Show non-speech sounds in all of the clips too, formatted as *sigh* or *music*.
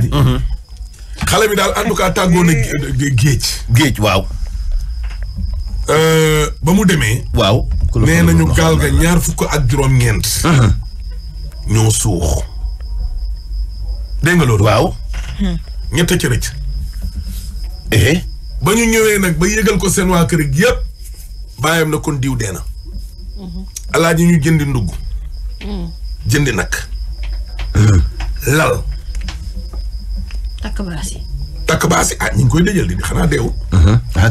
Mhm. xale bi daal en tout cas tàggoo na géej géej waaw euh, ba mu demee waaw nee nañu gaal ga ñaar fukk ak juróom-ñeent mhm. ñoo suux dégg nga loolu waaw hmm. ñett ci rëcc eh ba ñu ñëwee nag ba yëgal ko seen waa kër gi yëpp bàyyam na kon diw dee na mhm. alaaji ñu jëndi ndugg hmm. jëndi nag hmm. lal takk baas yi. takk ah ñu ngi koy dëjël di xanaa deewul. Uh-huh. Ah,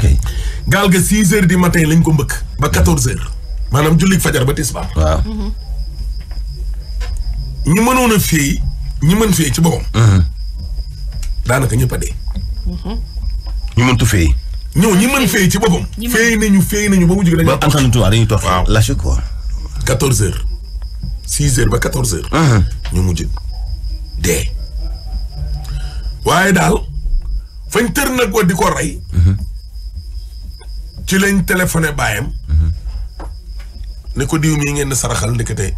gaal ga six heures du matin lañ ko mbëkk. ba quatorze heures. maanaam julli fajar ba tisbaar. waaw. Mm-hmm. ñi mënoon a fii ñi mën fii ci boppam. Uh-huh. daanaka ñëpp a dee. Mm-hmm. ñu mëntu ñoo ñi mën fii ci boppam. ñi mën fii nañu fii nañu ba mu jógee dañuy. ba Alxames tuuti dañuy toog waaw lâché quoi. quatorze heures. ba quatorze heures. Uh-huh. ñu mujj dee. waaye daal fañ tër na ko di ko rey. Mhm. ci lañ téléphoné baayam. Mhm. ne ko diw mii ngeen di saraxal ndekete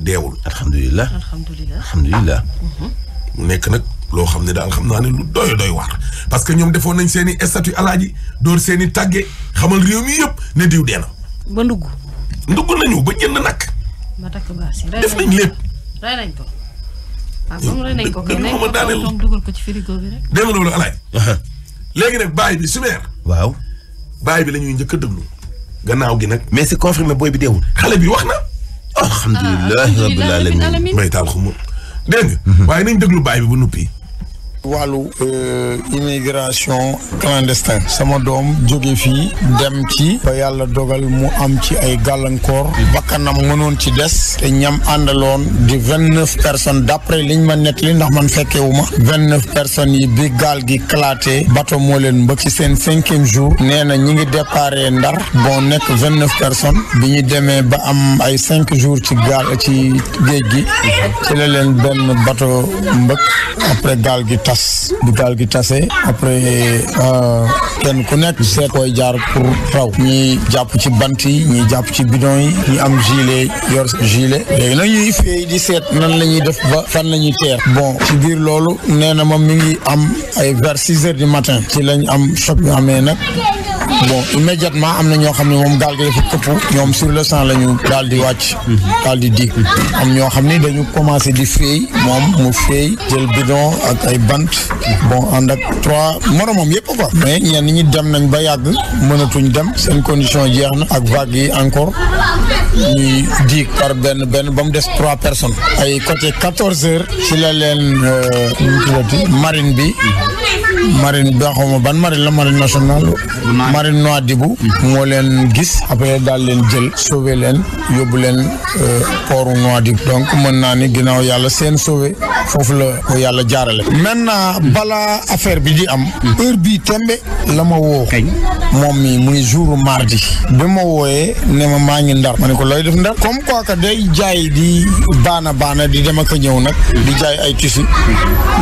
deewul. alhamdulilah alhamdulilah alhamdulilah. Mhm. mu nekk nag loo xam ne daal xam naa ne lu doy doy waar parce que ñoom defoon nañ seen i statut alaaji door seeni i tàgge xamal réew mi yëpp ne diw dee na. ba ndugg. ndugg nañu ba jënd nag. def nañ lépp. Ah, *laughs* ma daaneel dégg nga loolu alaaj léegi nag baay bi sumeer waaw baay bi la ñuy njëkk a déglu gannaaw gi nag mais c'est confirmé booy bi deewul xale bi wax na alhamdulilahi rabbil alamin mbay taal xuma dégg nga mhm. waaye nañ déglu baay bi bu nuppi wàllu euh, immigration clandestin sama doom jóge fii dem ci ba yàlla dogal mu am ci ay gàllankoor bakkanam mënoon ci des te ñam àndaloon di vingt neuf personnes d'après liñ ma nettali ndax man fekkewu ma vingt personnes yi bi gaal gi claté bato moo leen mbëkk ci seen cinquième jour nee na ñi ngi déparé ndar bon nekk vingt neuf personnes bi ñu demee ba am ay cinq jours ci gaal ci géej gi ci la leen benn bato mbëkk après gaal gi tas bi gaal gi tase après euh, kenn ku nekk seet koy jaar pour raw ñi jàpp ci bant yi ñi jàpp ci bidon yi ñi am gilet yor gilet léegi nag ñuy feey di seet nan la def ba fan la ñuy teer bon ci biir loolu nee na ma mi ngi am ay vers six heures du matin ci lañ am choc bi amee nag bon immédiatement am na ñoo xam ne moom gaal gi dafa këpp ñoom sur le sang la ñu daal di wàcc daal di di am ñoo xam ni dañu commencé di féey moom mu féey jël bidon ak ay bant bon ànd ak trois moromam yëpp quoi mais ñenn ñi dem nañ ba yàgg mënatuñ dem seen condition jeex na ak vague yi encore ñuy diig par benn benn ba mu des trois personnes ay côté quatorze heures ci la leen euh, marine bi marine bi ban marine la marine nationale. marine Nouadhibou. moo leen gis après daal leen jël sauvé leen yóbbu leen no euh, Nouadhibou donc mën naa ni ginnaaw yàlla seen sauvé foofu la ko yàlla jaarale. maintenant balaa affaire bi di am. heure bii tembe la ma woo. moom mi muy jour mardi. bi ma wooyee ne ma maa ngi ndar. ma ne ko looy def ndar. comme quoi day jaay di baana baana di dem ak a ñëw nag. di jaay ay tissus.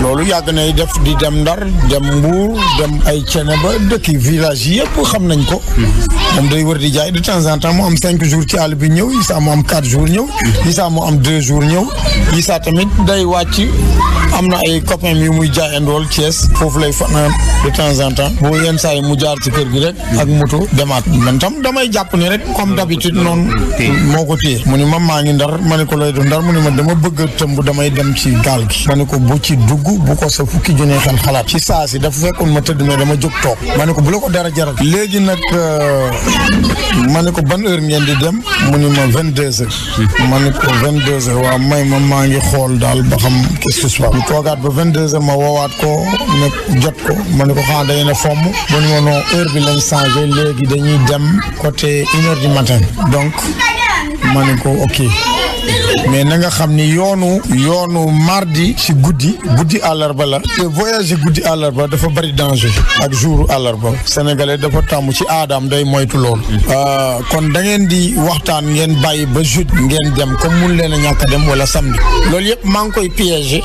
loolu yàgg nay def di dem ndar dem mbuur dem ay cene ba dëkk village yëpp xam nañ ko. moom day wër di jaay de temps en mu am cinq jour ci àll bi ñëw yi saa mu am quatre ñëw. deux jours ñëw. yi tamit day wàcc am na ay copains yu muy jaayandool Thiès foofu lay fa de temps en temps boo yenn saa yi mu jaar ci kër gi rek ak moto demaat man tam damay jàpp ni rek comme d'habitude noonu moo ko téye mu ni ma maa ngi ndar ma ne ko lay def ndar mu ni ma dama bëgg a tëmb damay dem ci gaal gi ma ne ko bu ci dugg bu ko sa fukki junee xalaat ci saa si dafa fekkoon ma tëdd dama jóg toog ma ne ko bu ko dara jaral léegi nag euh, ma ne ko ban heure ngeen di dem mu ni ma vingt deux ma ne ko may ma maa ngi xool daal ba xam nekk istisba ñu toogaat ba 22h ma woowaat ko nekk jot ko ma ne ko xanaa dañu ne fomm ba ñu non heure bi lañ changé léegi dañuy dem côté une heure matin donc ma ne ko ok. mais na nga xam ni yoonu yoonu mardi ci guddi guddi àllarba la te voyager guddi àllarba dafa bari danger ak jour àllarba sénégalais dafa tàmm ci aadaam day moytu loolu ah, kon da ngeen di waxtaan ngeen bàyyi ba jeudi ngeen dem comme mun leen a ñàkk dem wala samedi lool yëpp maa ngi koy piéger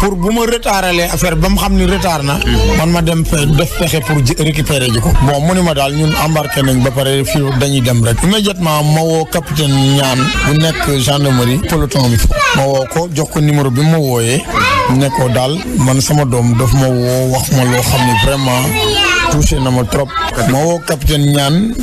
pour bu ma retardalee affaire ba mu xam ni retard na man ma dem def pexe pour récupérer ji ko bon mu ma daal ñun embarqué nañ ba pare fii dañuy dem rek immédiatement ma woo ma ñaan bu nekk gendarmerie peloton bi ma woo ko jox ko numéro bi ma wooyee ne ko daal man sama doom daf ma woo wax ma loo xam ne vraiment touché na ma trop. ma woo capitaine Niane.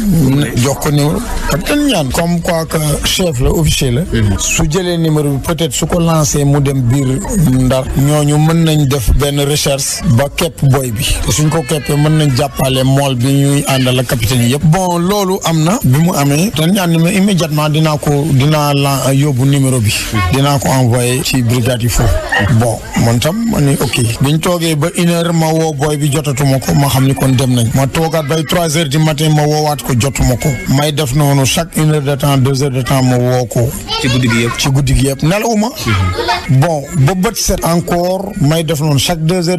jox ko numéro capitaine Niane. comme quoi que chef la officier la. Mhm. su jëlee numéro bi peut-être su ko lancé mu dem biir ndar. ñooñu mën nañ def benn recherche. ba képp boy bi. te suñ ko képpee mën nañ jàppale mool bi ñuy àndal ak capitaine yëpp. bon loolu am na. bi mu amee. te Niane ma immédiatement dinaa ko dinaa la yóbbu numéro bi. dinaa ko envoyé ci brigade foofu. bon man tam ok. biñ toogee ba une ma woo boy bi jotatuma ko ma dem nañ ma toogaat bay trois heures du matin ma woowaat ko jotuma ko may def noonu chaque une heure de temps deux heures de temps ma woo ko. Mhm.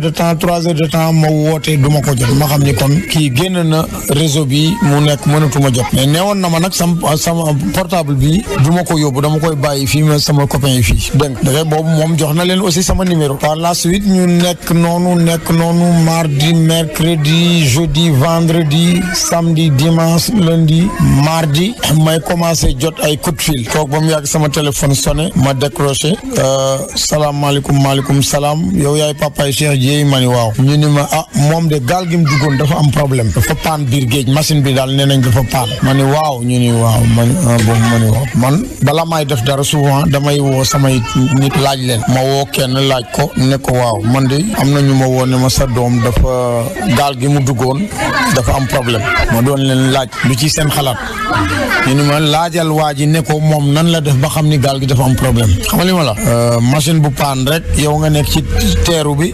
de temps trois heures de temps ma woote du ma ko jot ma xam ni kon kii génn na réseau bi mu nekk mënatuma jot mais neewoon na ma nag sama sama portable bi du ma ko yóbbu dama koy bàyyi fii ma sama copain yi fii dégg nga boobu moom jox na leen aussi sama numéro par la suite ñu nekk noonu nekk noonu mardi mercredi jeudi vendredi samedi dimanche lundi mardi may commencé jot ay coup de fil toog ba mu yàgg sama téléphone sonné ma décroché euh, salaamaaleykum maaleykum salaam yow yaay papaay Cheikh Dieye ma ni waaw ñu ni ma ah moom de gaal gi mu duggoon dafa am problème dafa paan biir géej machine bi daal nee nañ dafa paan ma ni waaw ñu ni waaw ma ah, ma ni man bala may def dara souvent damay woo samay nit laaj leen ma woo kenn laaj ko ne ko waaw man de am na ñu ma woo ma sa doom dafa gaal duggoon dafa am problème ma doon leen laaj lu ci seen xalaat ñu ma laajal waa ji ne moom nan la def ba xam ni gaal gi dafa am problème xam nga li euh, bu paan rek yow nga nekk ci teeru bi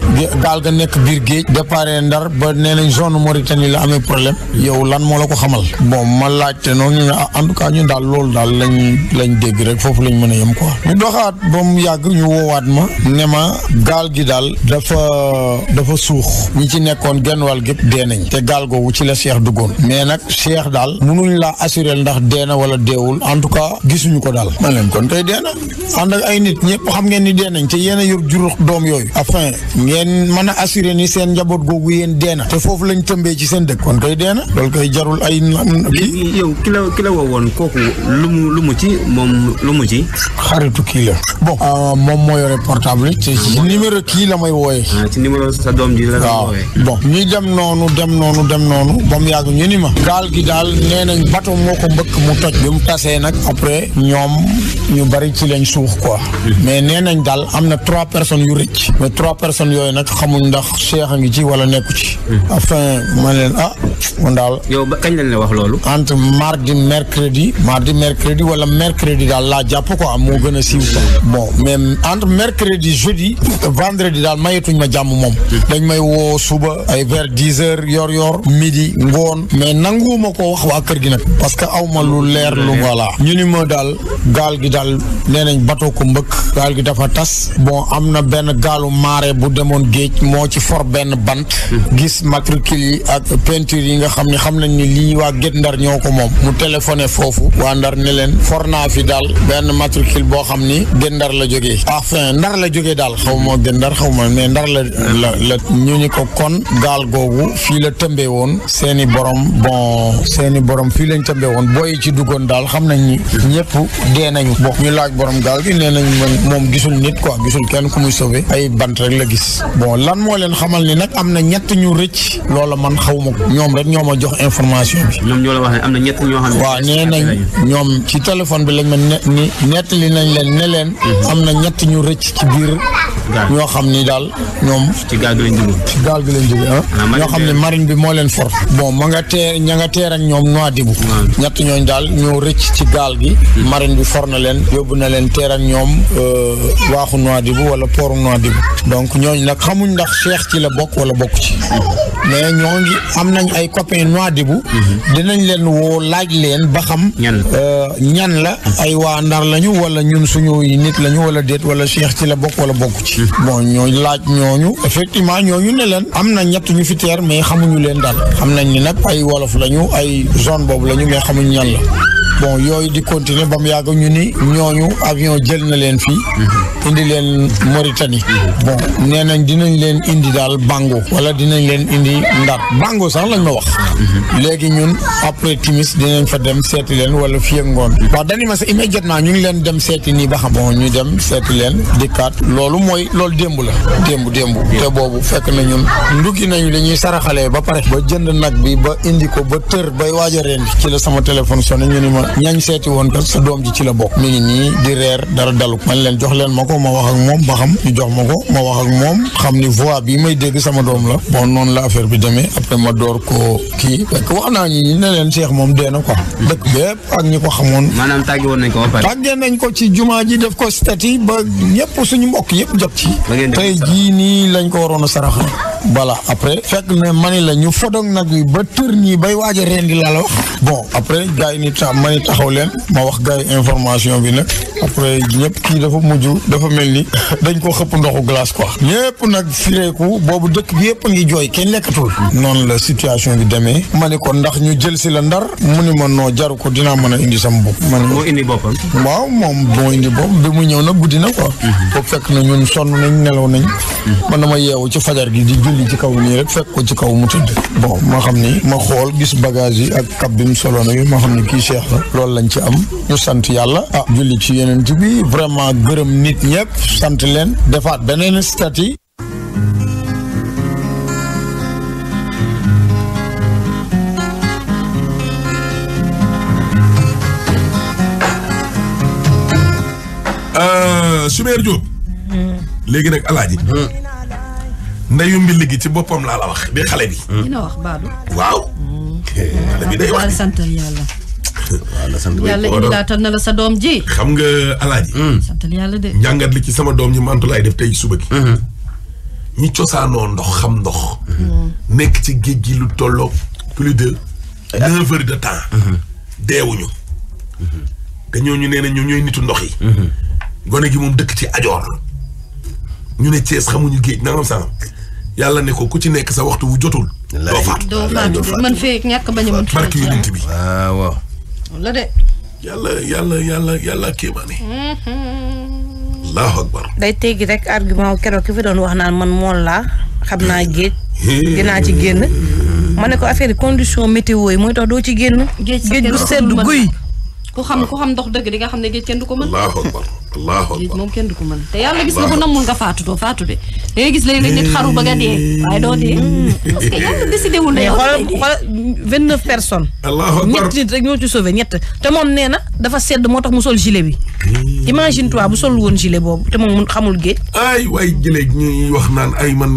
gaal ga nekk biir géej déparé ndar ba nee nañ zone Mauritanie la amee problème yow lan moo la ko xamal bon ma laajte noonu ñu ah, en tout cas ñun daal loolu daal lañ lañ dégg foofu lañ mën a yem quoi ñu doxaat ba mu ma ne ma gi daal dafa dafa suux ñi ci nekkoon genn wàll gépp deen nañ te gaal googu ci la Cheikh duggoon mais nag Cheikh daal munuñ laa assuré ndax deena wala deewul en tout cas gisuñu ko daal man leen kon tey deena ànd ak ay nit ñëpp xam ngeen ni dee nañ te yéen yor jur doom yooyu afin ngeen mën a assuré ni seen njaboot googu yéen deena te foofu lañ tëmbee ci seen dëkk kon koy deena loolu koy jarul ay kii yow ki la ki la woowoon kooku lu mu lu mu ci moom lu mu ci xaritu kii la bon euh, moom moo yore portable ci numéro kii la may wooye ah, ci numéro sa doom ji bon ñuy dem noonu dem noonu dem noonu ba mu yàgg ñu ni ma gaal gi daal nee nañ bato moo ko mbëkk mu toj bi mu tasee nag après ñoom ñu bari ci lañ suux quoi mais nee nañ daal am na trois personnes yu rëcc mais trois personnes yooyu nag xamuñ ndax Cheikh a ngi ci wala nekku ci enfin ma leen ah man daal yow ba kañ lañ la wax loolu entre mardi mercredi mardi mercredi wala mercredi daal laa jàpp quoi moo gën a siiw sax bon mais entre mercredi jeudi vendredi daal mayetuñ ma jàmm moom yor yor midi ngoon mais nanguwuma ko wax waa kër gi nag parce que aw ma lu leer lu voilà ñu ni ma daal gaal gi daal nee nañ bato ko mbëkk gaal gi dafa tas bon am na benn gaalu maare bu demoon géej moo ci for benn bant gis matricule yi ak peinture yi nga xam ne xam nañ ni lii waa Guet Ndar ñoo ko moom mu téléphoné foofu waa Ndar ne leen for naa fi daal benn matricule boo xam ni Guet Ndar la jóge enfin Ndar la jógee daal xaw moo Guet Ndar xaw ma mais Ndar la la fii la tëmbee woon seeni borom bon seeni borom fii lañ tëmbee woon booy ci duggoon daal xam nañ ni ñëpp dee nañu bon ñu laaj borom gaal gi nee nañ moom gisul nit quoi gisul kenn ku muy sauvé ay bant rek la gis bon lan moo leen xamal ni nag am na ñett ñu rëcc loola man xawma ñoom rek ñoo ma jox information bi. ñoom ñoo la am na ñett ñoo xam ne. waaw nee ñoom ci téléphone bi lañ ma ne ni nettali nañ leen ne leen. Mhm. am na ñett ñu rëcc ci ñoo xam ni daal ñoom. ci gaal gi marine bi moo leen for bon ma nga teer ña nga teer ak ñoom ci gaal gi marine bi for na leen yóbbu na leen teer ñoom euh, waaxu Nouadhibou wala pooru Nouadhibou donc ñooñ nag xamuñ ndax Cheikh ci la bokk wala bokk ci mais ñoo am nañ ay copains Nouadhibou dinañ leen woo laaj leen ba xam ñan la euh, ay waa Ndar lañu wala ñun suñuy nit lañu wala déet wala Cheikh ci la bokk wala bokk ci hmm. ñooñ laaj ñooñu effectivement ñooñu ne leen am na ñett fi teer mais xam xamuñu leen daal xam nañ ni nag ay wolof lañu ay zone boobu lañu mais xamuñu ñan la. bon yooyu di continuer ba mu yàgg ñu ni ñooñu avion jël na leen fii indi leen Mauritanie bon nee nañ dinañ leen indi daal Bango wala dinañ leen indi Ndar Bango sax lañ ma wax léegi ñun après timis dinañ fa dem seeti leen wala fii ak ngoon waaw dañu ma sa naa ñu ngi leen dem seeti nii ba xam bon ñu dem seeti leen dikkaat loolu mooy loolu démb la démb démb te boobu fekk na ñun nduggi nañu li ñuy saraxalee ba pare ba jënd nag bi ba indi ko ba tër bay waaj a rendi ci la sama téléphone sonné ma ñañ seeti woon kat sa doom ji ci la bokk mi ngi nii di reer dara dalu man leen jox leen ma ko ma wax ak moom ba xam ñu jox ma ko ma wax ak moom xam ni voix bi may dégg sama doom la bon noonu la affaire bi demee après ma door ko kii fekk wax naa ñi ne leen seex moom dee na quoi dëkk bépp ak ñi ko xamoon maanaam tàggee woon nañ ko ba pare ko ci jumaa ji def ko statut ba ñëpp suñu mbokk yëpp jot ci tey jii nii lañ ko waroon a saraxal voilà après fekk ne mani la ñu fodog nag yi ba tër ñii bay waaja a rendi laa la wax bon après gars yi ni ta mani taxaw leen ma wax gars information bi nag après ñëpp kii dafa mujj dafa mel ni *laughs* dañ ko xëpp ndoxu glace ko ñëpp nag fireeku boobu dëkk bi yëpp ngi jooy kenn lekkatul noonu la situation bi demee ma ni ko ndax ñu jël si la ndar mu ni ma noo jaru ko dinaa mën a indi sama bopp man moo indi boppam waaw moom moo indi bopp bi mu ñëw nag guddi na quoi boobu mhm. fekk na ñun sonn nañ nelaw nañ man mhm. dama yeewu ci fajar gi di julli ci kaw nii rek fekk ko ci kaw mu tëdd bon moo xam ni ma xool gis bagage yi ak kab bi mu solo na yi moo xam ni kii cheikh la loolu lañ ci am ñu sant yàlla ah julli ci yeneen bi vraiment gërëm nit ñëpp sant leen defaat beneen statut euh, Soumer Diop hmm. léegi nag alaaji hmm. ndeyu mbill gi ci boppam laa la wax di xale bi. Mm. dina wax Badou. waaw. Mm. xale bi day wax di sant yàlla. waaw la sant yàlla na la sa doom ji. xam nga alaaji. Mm. sant njàngat li ci sama doom ñi mantu laay def tey suba gi. Mm-hmm. ñi cosaanoo ndox xam ndox. Mm-hmm. nekk ci géej gi lu tolloo plus de eh. neuf heures de temps. Mm-hmm. deewuñu. te ñooñu nee na ñoom ñooy nitu ndox yi. gone gi moom dëkk ci ajoor. ñu ne Thiès xamuñu géej sa sangam. yàlla ne ko ku ci nekk sa waxtu wu jotul. doo faatu doo man fee ñàkk bañ a mën. barki yonent bi ah, waaw waaw. la de. yàlla mhm. day teggi rek argument keroog ki fi doon wax naan man mool laa xam naa géej. dinaa ci génn. ma ne ko affaire condition météo yi mooy tax doo ci génn. géej gu sedd guy. ku xam ku xam ndox dëgg di nga xam ne géej kenn du ko mën. allahu akbar allahu akbar géej moom kenn du ko mën. te yàlla gis nga ko namul nga faatu doo gis léeg-léeg nit xaru ba nga dee. waaye doo dee. Hmm. parce que yàlla décidé ne yow. xoolal xoolal vingt neuf personnes. allahu akbar ñett nit rek ñoo ci sauvé ñett. moom nee na dafa sedd moo tax mu sol gilet bi. imagine toi bu sol woon gilet boobu te moom xamul géej. ay waay gilet ñuy wax naan ay man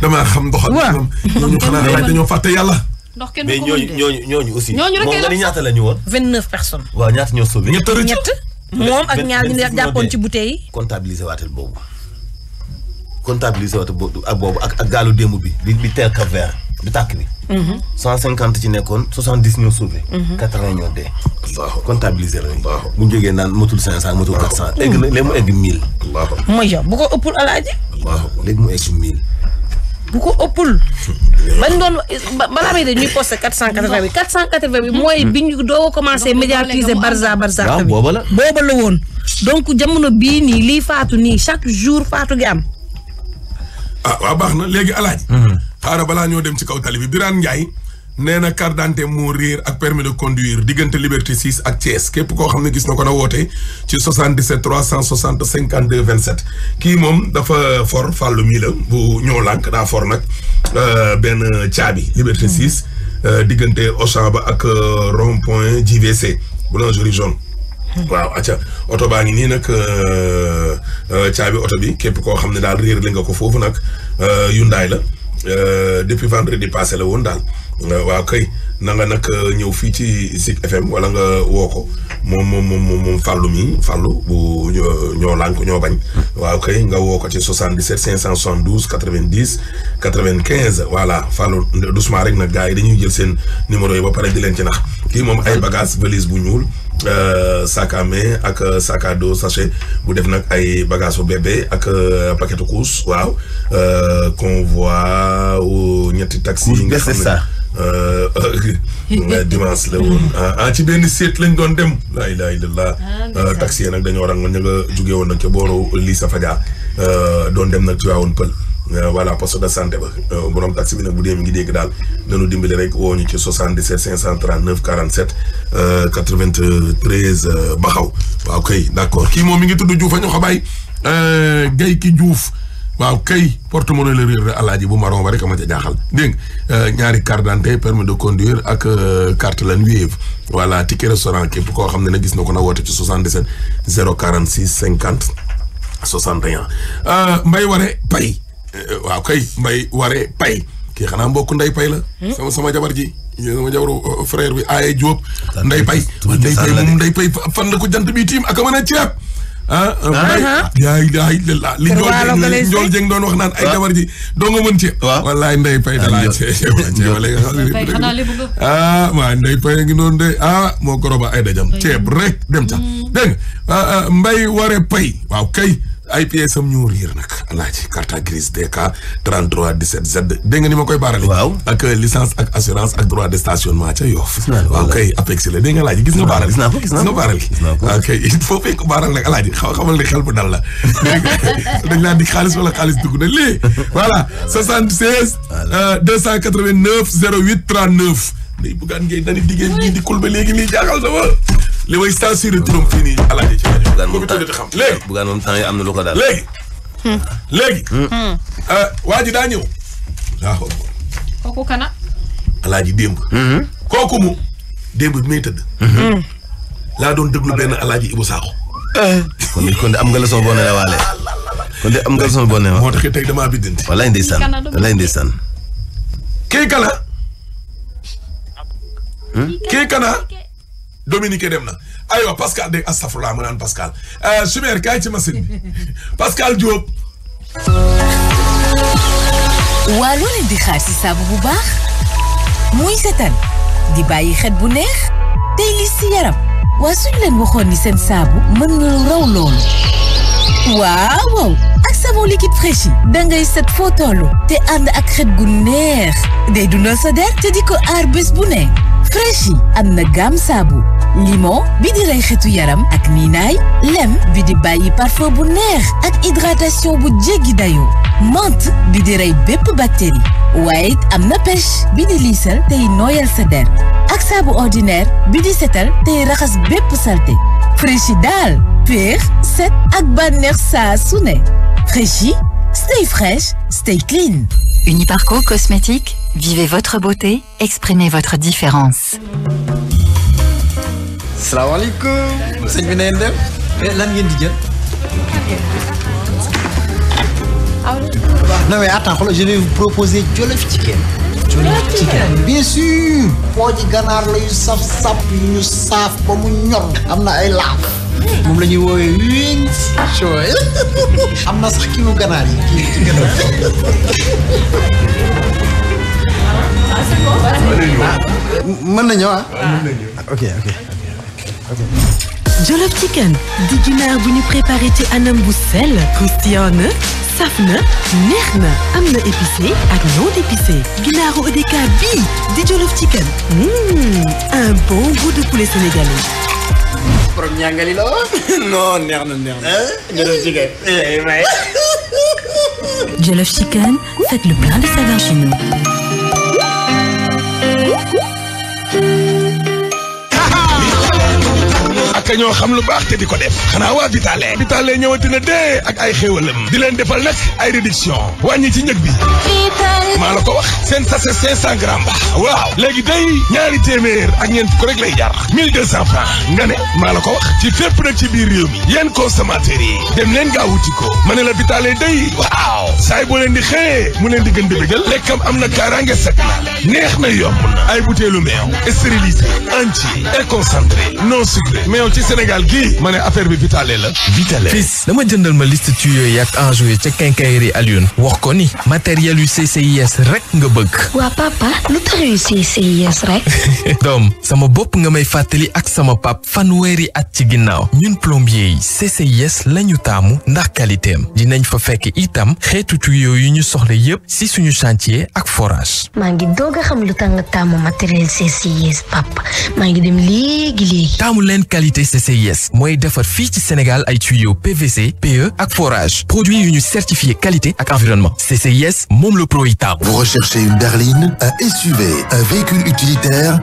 damaa xam ndox. waaw moom kenn du ma xanaa dañoo fàtte yàlla. ndox kenn du ko mën mais ñooñu ñooñu aussi. ñooñu rek moom ñaata la ñu woon. vingt neuf personnes. waaw ñaata ñoo sauvé. ñett ñett moom ak ñaar ñu ne jàppoon ci bouteille comptabiliser waatal boobu comptabiliser waatal boobu ak gaalu démb bi bi bi teel Cap Vert bi tàkk bi. Mhm. cent cinquante ci nekkoon soixante dix ñoo sauvé. Mhm. quatre vingt ñoo dee. waaw comptabiliser lañu. waaw bu jógee naan motul cinq cent motul quatre cent. egg na mu egg mille. mooy yow bu ko ëppul alaaji. waaw mu egg mille. bu ko ëppul. bañ doon balaa may de ñuy posté 480 bi 480 bi mooy hmm. bi ñu doo commencé médiatiser Barza Barza. waaw booba la booba la woon. donc jamono bii nii lii faatu nii chaque jour faatu gi am. ah waaw baax na léegi alaaj hmm. xaaral balaa ñoo dem ci kaw tali bi Birane Ndiaye. nee na carte d'identité moo réer ak permis de conduire diggante Liberté 6 ak Thiès képp koo xam ne gis na ko na woote ci 77 360 52 27 kii moom dafa for fàllu mii la bu ñoo lànk daa for nag euh, benn caabi Liberté 6 mhm. euh, diggante Auchan ba ak euh, rond point JVC boulangerie jaune mhm. waaw acca oto baa ngi nii nag caabi oto bi képp koo xam ne daal réer li nga ko foofu nag Hyundai la depuis vendredi passé la woon daal Euh, waaw kay na nga euh, ñëw fii ci Zik FM wala nga woo ko moom moom moom moom fàllu mi fàllu bu euh, ñoo lanku ñoo bañ. waaw kay nga woo ko ci 77 572 90 95 voilà fàllu doucement rek nag gars yi dañuy jël seen numéro yi ba pare di leen ci nax kii moom ay bagages valise bu ñuul. sac à ak sac à dos sachet bu def nag ay bagages bu bébé ak paquetu couche waaw convoi ñetti taxi. nga xam ne Euh, *laughs* dimanche la woon ah, ah ci benn seet lañ doon dem. laa ilaaha illallah. Ah, euh, taxi nag dañoo rangoon ñu nga jugee woon nag ca booru Lissa Fadia euh, doon dem nag Tivaouane Pël. voilà poste de santé ba borom taxi bi nag bu dee mi ngi dégg daal nañu dimbali rek woo ñu ci 77 539 47 93 Baxaw. waaw kay d' accord kii moom mi ngi tudd Diouf a ñu xabaay Gaye ki Diouf. waaw kay porte-monnaie la réer alaaji bu maron ba rek ma ca jaaxal dégg euh, ñaari carte d'identité permis de conduire ak euh, carte la Wave voilà ticket restaurant képp koo xam ne na gis na ko na woote ci 77 046 50 61 mbay Waré Paye waaw kay mbay Waré pay kii xanaa mbokk nday pay la hmm? sama sama jabar ji sama jabaru euh, frère bi Aye Diop Ndeye Paye Ndeye Paye moom Ndeye Paye ko jant bi tiim a mën a ceeb ah yaay ah, ah, yaay ah. li Njool Jeng doon wax naan ay jabar ji doo nga mën ceeb wallaay Ndeye Faye dalaa ceeb ceebale maa Ndeye Faye ngi noonu de ah moo goroba ay dajam ceeb rek dem ca mm. dégg nga Mbaye Waré Paye waaw kay IPS am ñu riir nag alaaji carte grise DK 33 17 Z dégg nga ni ma koy baarale. ak euh, licence ak assurance ak droit de stationnement ca Yoff. gis naa waaw alaaji gis nga baarale. gis nga baarale. gis naa ko waaw ah, kay il faut que ko baaral nag alaaji xamal ne xel bu dal la. dégg *laughs* nga dañ laa wala xaalis dugg na lii. voilà 76. 289 08 39. day buggaan ngay dani diggéen ñii dikkul ba léegi lii jaaxal sama li léegi buggaan moom temps yi am na lu ko daal hmm. euh, daa ñëw waaw kooku kana alaaji démb hmm. kooku mu démb bi may tëdd hmm. laa doon déglu benn alaaji Ibou Sakho eh. kon kon de am nga leçon boo nee la waale kon de am nga leçon boo nee la moo tax tey damaa biddanti wallaay ndeysaan wallaay ndeysaan kii kii kana Dominique dem na aywa Pascal de astafurlah mu naan Pascal euh, Chimère kaay ci machine bi *laughs* Pascal Diop. waa loo leen di xaar si saabu bu baax muy setan di bàyyi xet bu neex tey li si yaram waa suñu leen waxoon ni seen saabu mën raw loolu waaw waaw ak savon liquide fraîche yi da ngay set foo toll te ànd ak xet gu neex day dundal sa der te di ko aar bu ne. Crèche am na gamme saabu limon bi di rey xetu yaram ak niinaay lem bi di bàyyi parfum bu neex ak hydratation bu jéggi dayoo menthe bi di rey bépp bactérie waaye am na pêche bi di tey nooyal sa ak saabu ordinaire bi di setal tey raxas bépp salte Crèche yi daal féex set ak bànneex saa su ne yi Stay fresh, stay clean. Uniparco Cosmétique, vivez votre beauté, exprimez votre différence. salaamaaleykum sëñ bi na ngeen def. Eh, lan ngeen di jël. non mais attends xoolal je vais vous proposer jollof chicken. jollof chicken bien sûr. pooji ganaar la yu saf saf yu ñu saaf ba mu ñor. am na ay laaf. moom la ñuy woowee wing chooy *laughs* am na sax kii wu ganaar yi kii ci ganaar ah, ah? Ah, mën nañu ah ok ok ok Jollof Chicken di ginaar bu ñu préparé ci anam bu sell croustillant saf na neex na am non épicé ginaaru EDK bii di Jollof mmh, un bon goût de poulet sénégalais. borom ñàngali la woon. *laughs* non neex na neex na. Jollof Chicken. Eh, *laughs* Jollof le plein de saveurs ak ñoo xam lu baax te di ko def xanaa waa Vitale Vitale ñëwati na dee ak ay xéewalam di leen defal nag ay réduction wàññi ci njëg bi maa la ko wax seen sachet cinq cent grammes ba waaw léegi day ñaari téeméer ak ñeent ko rek lay jar mille deux nga ne maa la ko wax ci fépp nag ci biir réew mi yéen consommateurs yi dem leen gaaw wuti ko ma ne la Vitale day waaw saay boo leen di xëyee mu leen di gën di bégal lekkam am na kaaraange set na neex na yomb na ay butéelu ci Sénégal gii ma ne affaire bi vitale la vitale fils dama jëndal ma liste tuyaux yi ak enjoué ca quincaillerie Alioune wax ko ni matériel yu CCIS rek nga bëgg waa papa lu tax yu CCIS rek *laughs* doom sama bopp nga may fàttali ak sama pap fanweeri at ci ginnaaw ñun plombier yi CCIS lañu taamu ndax qualité am dinañ fa fekk itam xeetu tuyaux yu ñu soxla yépp ci suñu chantier ak forage maa ngi doog a xam lu tax nga taamu matériel CCIS papa maa ngi dem léegi léegi qualité TCCIS mooy defar fii ci Sénégal ay tuyaux PVC PE ak forage produit yu ñu certifié qualité ak environnement CCIS moom le pro yi Vous recherchez une berline, un SUV, un véhicule utilitaire,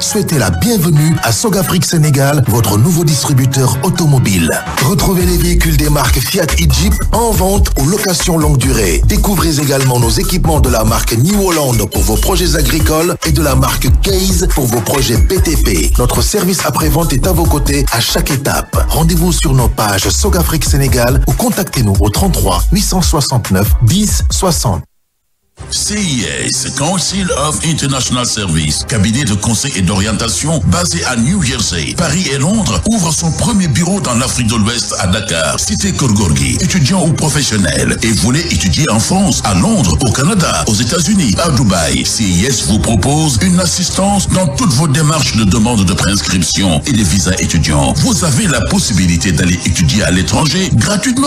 Souhaitez la bienvenue à Sogafric Sénégal, votre nouveau distributeur automobile. Retrouvez les véhicules des marques Fiat et en vente ou location longue durée. Découvrez également nos équipements de la marque New Holland pour vos projets agricoles et de la marque vos côtés à chaque étape. Rendez-vous sur nos pages Sogafrique Sénégal ou contactez-nous au 33 869 CIS, Council of International Service, cabinet de conseil et d'orientation basé à New Jersey, Paris et Londres, ouvre son premier bureau dans l'Afrique de l'Ouest à Dakar, cité Keur Gorgui. Étudiant ou professionnel et voulez étudier en France, à Londres, au Canada, aux États-Unis, à Dubaï, CIS vous propose une assistance dans toutes vos démarches de demande de préinscription et de visa étudiant. Vous avez la possibilité d'aller étudier à l'étranger gratuitement.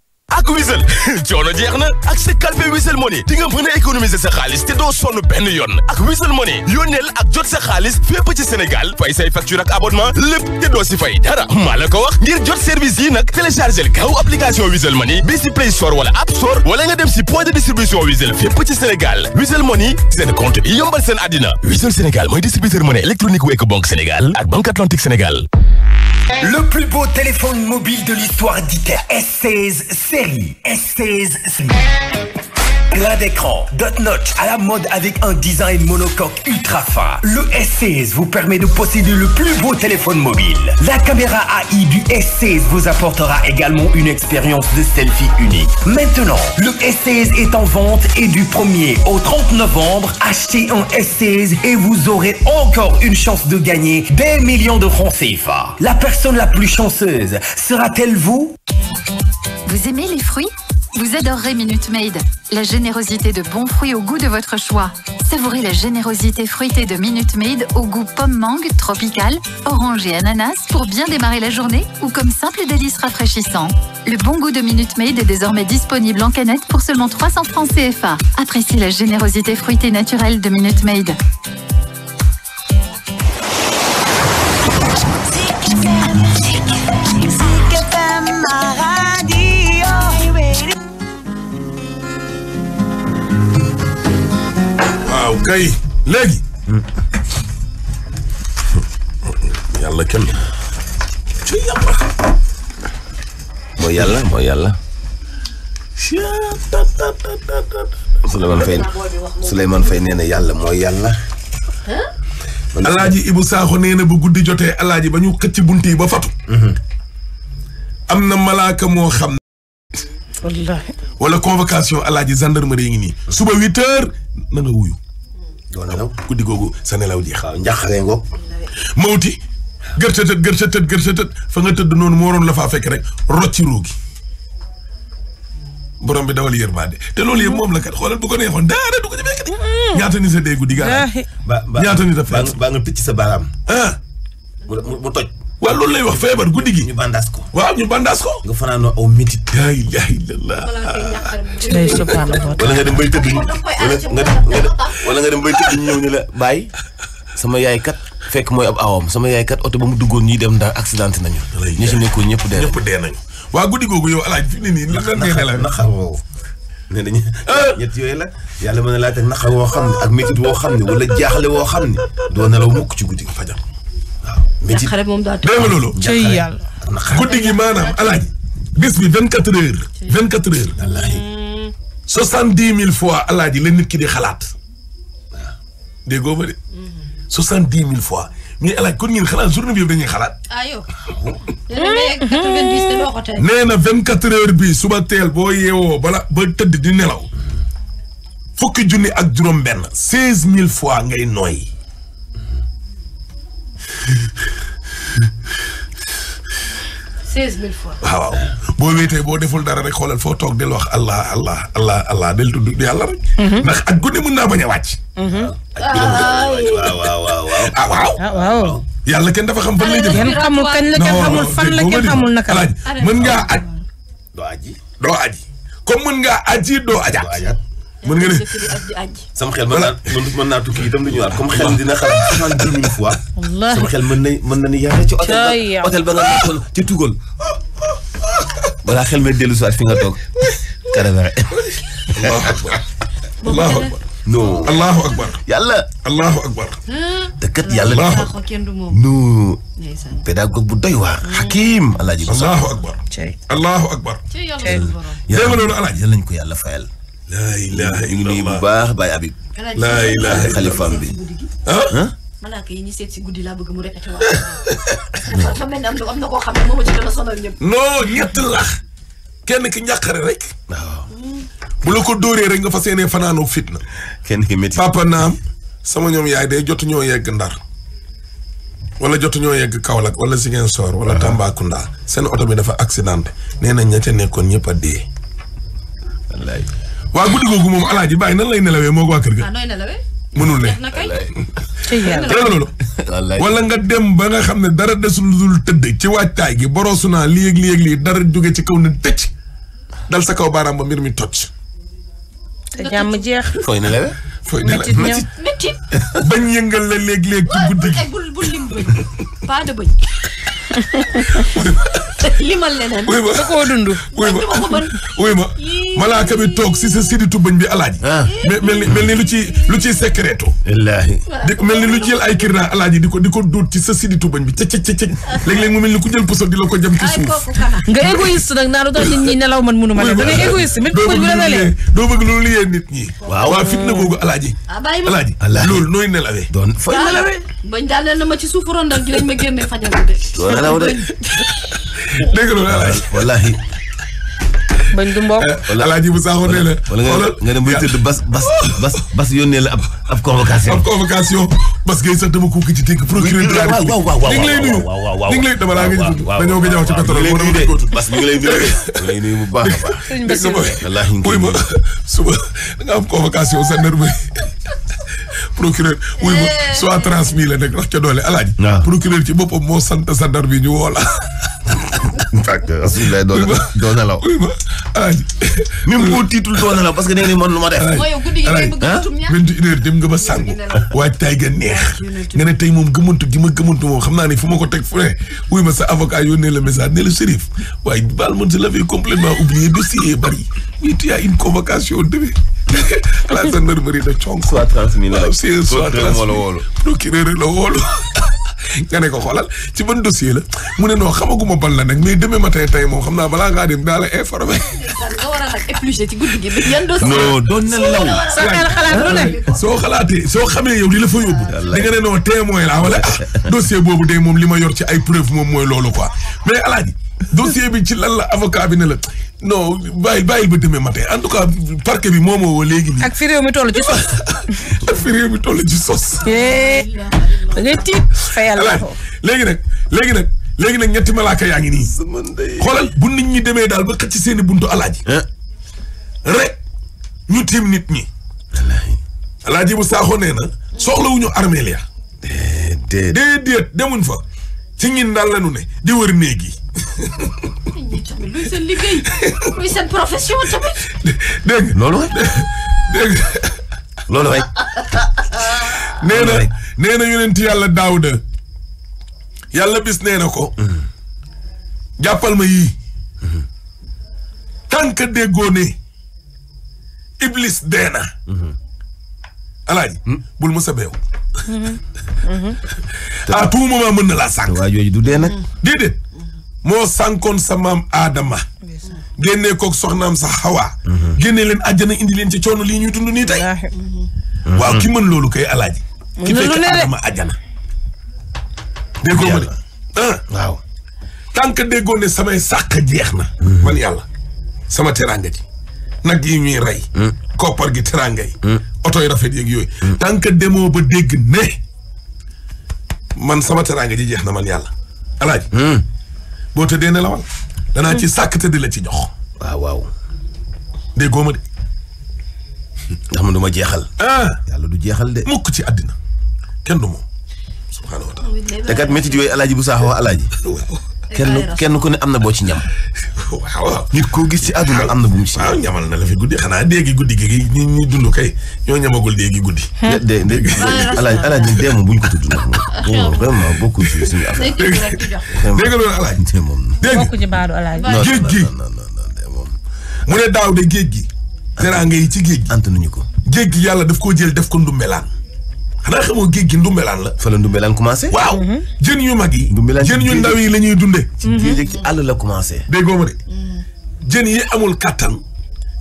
ak Wizall *laughs* coono jeex na ak sa kalpe Wizall Money di mën a sa xaalis te doo sonn benn yoon ak Wizall Money yónneel ak jot sa xaalis fépp ci Sénégal fay say facture ak abonnement lépp te doo si fay dara maa la ko wax ngir jot service yi nag téléchargel gaaw application Wizall Money bi Play Store wala App Store wala nga dem si point de distribution Wizall fépp ci Sénégal Wizall Money seen compte yombal seen àddina Wizall Sénégal mooy distributeur monnaie série S16. d'écran, dot notch, à design monocoque ultra Le s vous permet de posséder le plus beau téléphone mobile. La caméra AI du s vous apportera également une expérience de selfie unique. Maintenant, le s est en vente et du 1 au novembre, achetez un s et vous aurez encore une chance de gagner des millions de francs CFA. La personne la plus chanceuse sera-t-elle vous? Vous aimez les fruits Vous adorerez Minute Maid, la générosité de bons fruits au goût de votre choix. Savourez la générosité fruitée de Minute Maid au goût pomme-mangue, tropical, orange et ananas pour bien démarrer la journée ou comme simple délice rafraîchissant. Le bon goût de Minute Maid est désormais disponible en canette pour seulement CFA. Appréciez la générosité fruitée naturelle de Minute Maid. waaw kay léegi. yàlla kenn. mooy yàlla mooy yàlla. Souleymane Faye Souleymane nee na yàlla mooy yàlla. alaaji Ibu Saaxo nee na bu guddi jotee alaaji ba ñu xëcc bunt yi ba fatu. Mhm. am na malaaka moo xam. wallaahi wala convocation alaaji gendarmerie yi ngi nii. suba huit heures na wuyu. doo nelaw ah, guddi googu sa nelaw jeex. waaw njaaxalee ngoog. mawti gërte tët gërte tët gërte tët fa nga tëdd noonu moo roon la faa fekk rek rocci ruugi borom bi dawal yërmande te loolu yëpp moom la kat xoolal bu ko neexoon daara du ko ci fekk de. Mm. ñaata nit a dee guddi gaal. ñaata nit a baa nga picc sa baaraam. ah mu mu waaw loolu lay wax feebar guddi gi. ñu bandaas ko waaw ñu bandaas ko. nga fanaanoo aw métit. la ilaha illallah. wala nga dem bay tëdd ñu wala nga dem bay tëdd ñu la bàyyi sama yaay kat fekk mooy ab awam sama yaay oto ba mu duggoon ñuy dem ndax accidenté nañu. ñi si nekkoon ñëpp dee nañu ñëpp waa guddi googu yow alaaj fi mu ne nii lan ngay nelaw naqar woowu ne dañu ah! ñett yooyu la yàlla mën na laa teg naqar woo xam ne ak métit woo xam ne wala jaaxle woo xam ne doo nelaw mokk ci guddi gi naqare moom daa dégg nga loolu. jërëjëf yàlla guddi gi maanaam alaaji bis bi vingt quatre heures. vingt quatre heures. wallaahi. soixante dix mille fois alaaji la nit ki di xalaat. waaw dégg nga de. Mhm. soixante dix mille fois mais alaaji kon ngeen xalaat journée bi yëpp dañuy xalaat. Ah, aywa. nee na vingt quatre heures bi suba teel boo yeewoo bala ba tëdd di nelaw. Mm. fukki junni ak juróom-benn. mille fois ngay nooy. seize mille ah, boo wéetee boo deful dara rek xoolal foo toog del wax allah allah allah allah del tudd yàlla rek. Mhm. ndax ak gune mën naa bañ a wàcc. ah waaw waaw. Ah, ah, kenn dafa xam fan lay jëm. kenn xamul kañ la kenn xamul fan la kenn xamul naka la. mën ngaa aj. doo aji. doo aji comme mën ngaa aji doo ajaat. mën nga ne sama xel mën naa mën naa tukki itam du ñëwaat comme xel dina xalaat soixante-dix *laughs* mille fois sama xel mën na mën na ni yaa ci hôtel hôtel ba nga nekkoon ci tugal balaa xel ma dellu si fi nga toog caravane allahu akbar non allahu akbar yàlla allahu akbar te kat yàlla no pédagogue bu doy waar hmm. hakim alaaji allahu akbar allahu akbar dégg nga loolu alaaji yàlla nañ ko yàlla fayal laa ilaaha illallah ñu ngi nuyu bu baax Baye Habib. laa ilaaha illallah xalifaam bi. ah. malaaka yi ñu seet si guddi laa bëgg mu répété waat. *laughs* dafa mel ni am na am na koo xam ne moom a ci gën a sonal ñëpp. non ñett la. kenn ki ñàqare rek. waaw. bu la ko dóoree rek nga fas yéenee fanaanoo fitna. kenn ki métti. papa naam sama ñoom yaay day jotu ñoo yegg Ndar. wala jotu ñoo yegg Kaolack wala Ziguinchor wala ah. Tambacounda. seen oto bi dafa accidenté nee na ña ca nekkoon ñëpp a dee. wallaay. waa guddi googu moom alaaji bàyyi nan lay nelawee moo ko waa kër ga. Ah, mënul ne. wala nga dem ba nga xam ne dara desul dul tëdd ci waajtaay gi boroosu naa lii ak lii dara jóge ci kaw ne tëcc dal sa kaw baaraam ba mbir mi toj. te jàmm jeex. fooy nelawee. fooy nelawee métti métti. bañ yëngal la léeg-léeg ci guddi bul bul lim bëñ pas de bëñ. limal leneen. wuy ma da koo dund. wuy ma wuy ma malaaka bi toog si sa siditu bëñ bi alaaji. Ah. mel ni mel ni lu ci lu ci secreto. wallaahi. di mel ni lu jël ay kirna alaaji di ko di ko duut ci sa siditu bëñ bi cëc cëc cëc mel ni ku jël puso di la ko jëm ci suuf. nga égoïste nag naa lu tax nit ñi nelaw man mënu ma def. da ngay égoïste nit ku bëgg la leen doo bëgg lu liyee nit ñi. waaw fitna googu ah, alaaji. alaaji loolu nooy nelawee. doon fooy nelawee. bañ daal na ma ci suuf ronda dinañ ma génne fajal nelaw de. dégg nga loolu El Hadj. wallaahi. bañ du mbokk. Eh, alaaji bu saaxoo nee na. wala nga ne muy tëdd bas bas bas bas yónnee la ab ab convocation. ab convocation que sax dama ko ci dégg. procureur de la République ñu ngi lay nuyu. ñu ngi lay bas ñu bu baax a baax. *laughs* sëñ Basi wallaahi ñu *laughs* am convocation sa nerf *laughs* procureur wuy ma eh. soit transmis la nag wax ca doole alaaji. Ah. procureur ci boppam moo sant sandar bi ñu woo la. parce que asalaamaaleykum doon na la. même boo tiitul doon la parce que da ngeen mën lu ma def. vingt une heure dem nga ba sangu waaye tay ga neex nga ne tey moom gëmantu gi ma gëmantu moom xam naa ne fu ma ko teg fu ne wuy ma sa avocat yónnee la message ne la Chérif waaye baal man je l'avais complètement oublié dossier bari mais tu as une convocation demain *laughs* à la gendarmerie de Thiong soit transmis la soit transmis procureur la woolu *laughs* nga ne ko xoolal ci ban dossier la mu ne non xamaguma ban la nag mais demain matin tey moom xam naa balaa ngaa dem daa la informé. nga war a nag soo xalaat soo xalaatee soo xamee yow li la fa yóbbu. di nga ne non témoin la wala ah, dossier boobu de moom li ma yor ci ay preuve moom mooy loolu quoi mais alaaji dossier bi ci lan la avocat bi ne la non bàyyi bàyyi ba demee matin en tout cas parquet bi moo ma léegi nii. ak fi réew mi toll ci sos. *laughs* ak fi réew mi ci sos. Eh, da ngay tiit léegi nag léegi nag léegi nag ñetti malaaka yaa ngi nii. xoolal bu nit ñi demee daal ba ci seeni buntu alaaji. Eh? rek ñu tiim nit ñi. alaaji bu saaxoo nee na soxlawuñu armée ya. déedéet demuñ fa. ci ñin daal la ne di wër néeg luy seen liggéey luy seen profession tamit. dégg nga loolu dégg loolu rek. nee na nee na yàlla daawuda yàlla bis nee na ko. Mm-hmm. jàppal ma yii. Mm-hmm. tant que déggoo ne iblis dee na. Mm-hmm. alaaji. bul ma sa beew. *laughs* à tout moment mën na laa sànq. waaw du dee nag. moo sànkoon sa maam aadama génne kook soxnaam sa xawaa mhm. génne leen àjjana indi leen ci coono lii ñuy dund nii tey mhm. waaw ki mën loolu kay alaaji ki fekk aadama àjjana ma ne waaw tant que déggoo samay sàq jeex na mhm. man yàlla sama teraanga ji nag yi ñuy rey koppar gi teraanga yi oto yi rafet yéeg yooyu tant que demoo ba dégg ne man sama teraanga ji jeex na man yàlla alaaji boo tëddee ne lawal danaa ci hmm. sàkk tëdd la ci jox. waaw waaw. déggoo ma de. ndax man jeexal. Ah. yàlla du jeexal de. mukk ci àddina kenn du moom subhaanahu wa taala. te kat métti alaaji bu saaxoo alaaji. *laughs* kenn kenn ku ne am na boo ci ñam. *laughs* waaw nit koo gis ci àdduna am na bu mu si. ñamal na la guddi xanaa déegi guddi gi ñu ñi dundu kay ñoo ñamagul déegi guddi. dé dé alaaj alaaj ñu buñ ko tudd nag *laughs* vraiment bokkul ci suñu affaire. dégg nga loolu alaaj. dégg nga bokkuñu baadu géej gi mu ne daaw de géej gi. teraanga yi ci géej gi. ant nañu ko. géej yàlla daf koo jël def ko ndumbelaan xanaa xamoo géej gi ndumbelaan la. fa la ndumbelaan commencé. waaw mhm. jën yu mag yi. ndumbelaan jën yu ndaw yi la ñuy ci mhm. géej àll la commencé. déggoo ma mhm. jën yi amul kattan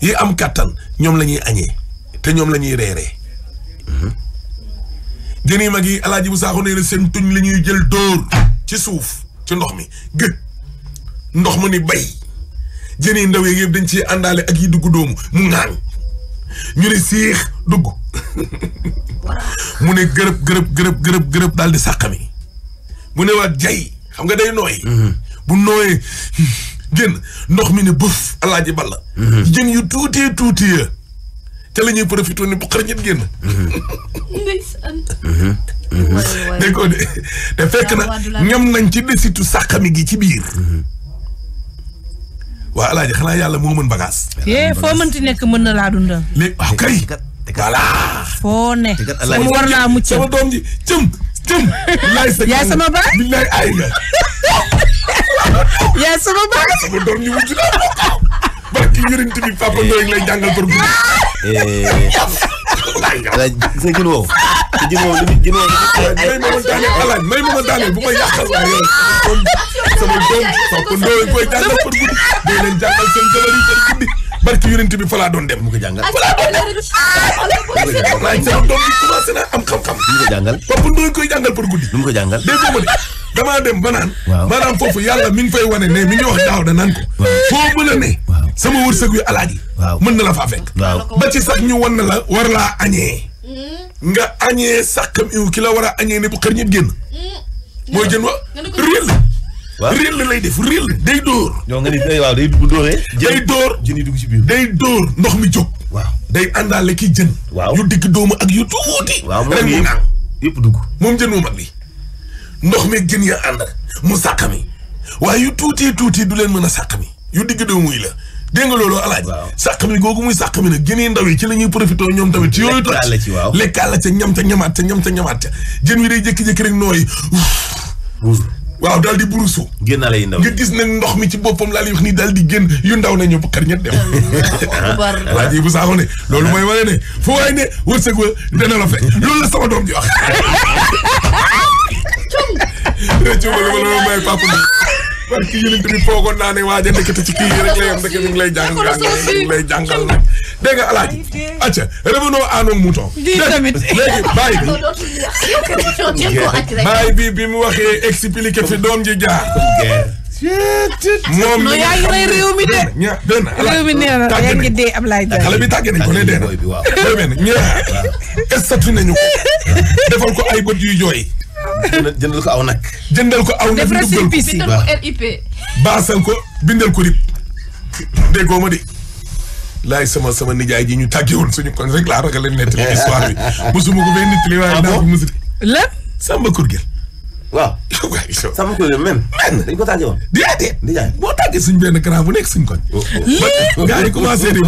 yi am kattan ñoom la ñuy añee te ñoom la ñuy reeree. jën yi mag yi El Hadj bu Sakho nee seen tuñ la ñuy jël dóor ci suuf ci ndox mi gëj ndox mu ni bay jën yi ndaw yi yëpp dañ ci àndaale ak yi dugg doomu mu ŋaañ ñu ne siix dugg. *laughs* mu ne gërëb gërëb gërëb gërëb gërëb daal di sàq mi mu ne waat xam nga day nooy mhm. bu nooyee génn ndox mi ne bëf alaaji balla mhm. jën yu tuutee tuutee ya ca la profité ni bu xar ñet génn mhm. dégg de fekk na ñam nañ ci desitu saqami gi ci biir waa alaaji xanaa yàlla moo mën bagage foo mënti nekk mën na laa dundal léegi waaw voilà. foo ne. mu war laa mucc sama doom ji cëm cëm. yaay sama baay billaay ay nga. yaay sama baay. sama doom ji mucc naa barki yërënt bi papa Ndoye lay jàngal pour guddi. alaaj gis nga jën woowu. te jën woowu li jën woowu. may ma ma daaneel alaaj may ma ma daaneel bu ma yàqal waaye yow sama doom papa Ndoye koy jàngal pour guddi. guddi. barki yonent bi fa laa doon dem. mu ko jàngal fa laa doon am xam-xam. mu ko jàngal papa ndoy koy jàngal pour mu ko jàngal dégg nga ma de damaa dem ba naan. waaw maanaam foofu yàlla mi ngi fay wane ne mi ngi wax daaw da naan ko. foo mën a ne. sama wërsëg yu alaaji. waaw mën na la faa fekk. waaw ba ci sax ñu wan na la war laa añee. Hmm. nga añee sax kam iw ki war a añee ne bu xar ñëpp génn. Hmm. mooy jën wa réel rill lay def rill day dóor. ñoo nga ni day waaw day bu dóoree. day dóor jën yi dugg day dóor ndox mi jóg. waaw day àndaale ki jën. waaw yu dikk doomu ak yu tuuti. waaw moom yëpp ren yëpp dugg. moom jën mu mag bi ndox mi jën ya ànd mu sàq mi waaye yu tuuti tuuti du leen mën a sàq mi yu digg doomu yi la. dégg nga loolu alaaj sàq mi googu muy sàq mi nag jën yi ndaw yi ci la ñuy profité ñoom tamit ci yooyu toj lekkaala ca ñam ca ñamaat ca ñam ca ñamaat ca jën wi day jékki-jékki rek nooy waaw daal di buruso. génnaale yu ndaw nga gis nag ndox mi ci boppam laa lay ni daal di génn yu ndaw nañu ba xar ñett dem. waa ji bu saako loolu mooy wane ne fu waay ne se wa dana la fekk loolu la sama doom wax. *laughs* cum. *laughs* cum la ma may papa bi. parce que yéen tamit foogoon naa ne waa ja nekkati ci kii yi rek la yem rek ñu ngi lay jàngal ñu ngi lay jàngal nag dégg nga alaaji acca revenons à nos moutons tamit léegi baay bi baay bi bi mu waxee expliqué fi doom ji jaar moom no yaa ngi lay réew mi de. ña benn réew mi nee na yaa ngi dee Ablaye Diagne xale bi tàggee nañ ko ne dee na. waaw benn ñaar estatu nañu ko. *laughs* defal ko ay bët yu jooy. jëndal ko aw nag. jëndal ko aw nag ñu duggal ko def RIP. ko bindal ko rip déggoo ma de. laay sama sama nijaay ji ñu tàggeewul suñu kon rek laa ragal leen nettali histoire bi *laughs* mosuma ko fee nettali waaye ah daa ko mosu. lépp Samba Kourguel. *laughs* dañ ko tàggee woon. déedéet. nijaay boo tàggee suñ benn grand bu nekk suñ koñ. Oh, oh. lii gaa yi commencé di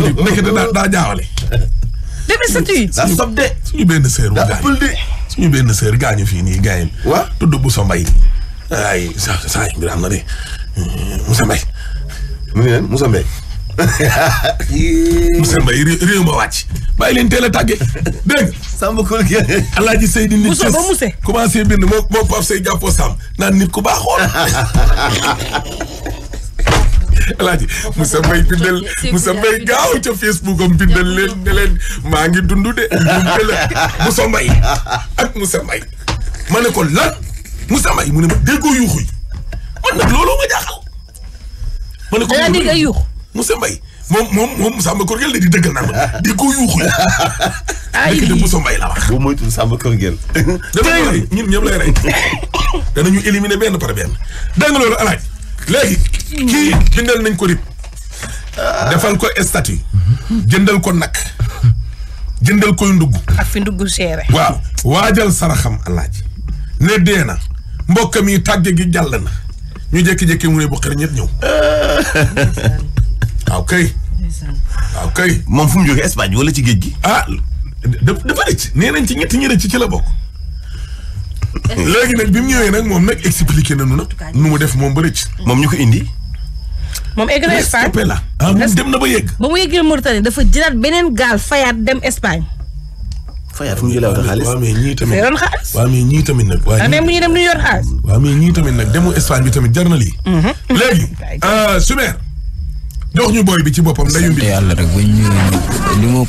daa daa *laughs* sant yi daa sob de. suñu benn sœur daa suñu benn gaañu fii nii gaañu. waaw tudd Boussa Mbaye. ay sa saa yi am na de Moussa Mbaye. mu ngi leen Moussa Mbaye. Moussa *laughs* Mbaye réew ma wàcc. bàyyi leen teel a tàgge dégg nga. Samba Koul gi. Alaaji Seydi nit Moussa ba Mousse. commencé bind moo moo Pape Sey jàppoo Samb naan nit ku baaxoon. *laughs* alaaji Moussa Mbaye bindal Moussa Mbaye gaaw ca Facebook am bindal leen ne leen maa ngi dund de dund la Moussa Mbaye ak Moussa ma ne ko lan Moussa Mbaye mu ne ma déggoo yuuxu yi man nag looloo ma jaaxal ma ne ko da nga yuux Moussa Mbaye moom moom moom Samba Korgel da di dëggal naan ma déggoo yuuxu yi ay de Moussa Mbaye la wax boo moytul Samba ñun ñëpp lay rey *laughs* danañu éliminer benn par benn dégg loolu alaaji léegi kii jëndal nañ ko rib defal ko statut jëndal ko nag jëndal koy ndugg ak fi ndugg seere waaw waajal saraxam alaaji ne dee na mbokkam yi tàgge gi jàll na ñu jékki-jékki mu ne bu xëri ñëpp ñëw *laughs* waaw kay waaw kay moom fu mu jógee Espagne wala ci géej gi ah dafa rëcc nee nañ ci ñetti ñi rëcc ci la bokk léegi nag bi mu ñëwee nag moom nag expliqué nañu nag nu mu def moom ba rëcc. moom ñu ko indi. moom egg na Espagne la ah moom dem na ba yegg. ba mu yeggee Mauritanie dafa jëlaat beneen gaal fayaat dem Espagne. fayaat fu mu jëlee woon xaalis waaw mais ñii tamit. feeroon xaalis waaw mais ñii nag. waaw ah, mu ñuy dem du ñu yor tamit nag demu Espagne bi tamit jar na lii. Mhm. léegi *laughs* euh, Sumer. jox ñu booy bi ci boppam dayu bi yàlla rek bu ñu li ma